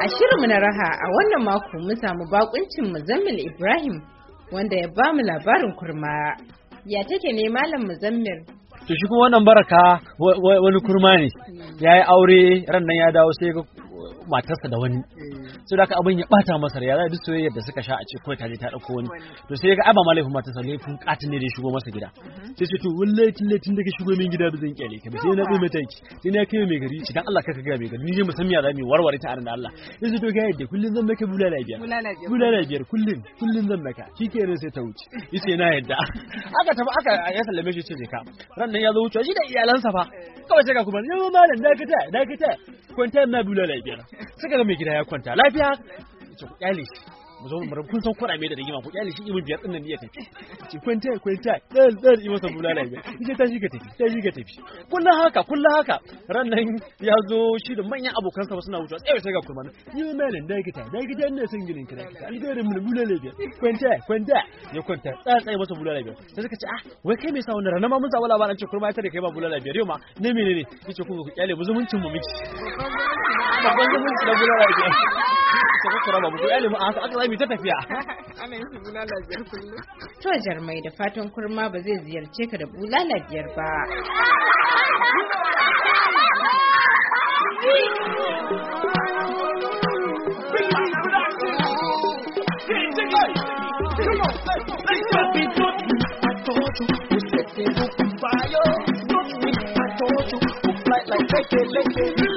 A shirinmu na raha a wannan mako mun samu bakuncin Muzammil Ibrahim wanda ya ba mu labarin kurma. Ya take ne Malam Muzammil? To shi kuma wannan baraka wani kurma ne, hmm. ya yi aure ran nan ya dawo sai matarsa da wani hmm. sai da abin ya bata masa ya za duk yadda da suka sha a ce kawai ta je ta dauko wani to sai ga ai ba ma laifin matarsa laifin katin ne da shigo masa gida hmm. sai ce to wallahi tun da daga shigo min gida ba zan kyale ka ba sai na tsaye mataki sai na kai mai gari ci dan Allah kaka ga mai gari ni je musamman ya mu warware ta aran da Allah sai to ga yadda kullun zan maka bulala biyar bulala biyar kullun kullun zan maka ran sai ta wuce yace na yadda aka tafi aka ya sallame shi ce je ka ran nan ya zo wuce shi da iyalansa fa kawai sai ga kuma yau malam dakata dakata kwanta na bulala biyar suka ga mai gida ya kwanta lafiya ce ku kyale shi mu zo mu kun san kurabe da rigima ku kyale shi imin biyar din nan ya tafi ci kwanta kwanta dan dan yi masa bulala biyar ce tashi ka tafi tashi ka tafi kullun haka kullun haka ran nan ya zo shi da manyan abokan sa suna wucewa tsaye sai ga kuma nan yi mai da kita da kita ne son ginin kira alƙawarin mu bulala biyar kwanta kwanta ya kwanta tsatsai masa bulala biyar sai suka ce ah wai kai me sa wannan ranar ma mun sa wala ba labarin ce kurma ta da kai ba bulala biyar yau ma ne menene yace kuma ku kyale mu zumuncin mu miki babban zumunci na bulala biyar sai ku raba mu ku kyale mu a haka mu ta tafiya ana yin bulala biyar kullum to jarmai da fatan kurma ba zai ziyarce ka da bulala biyar ba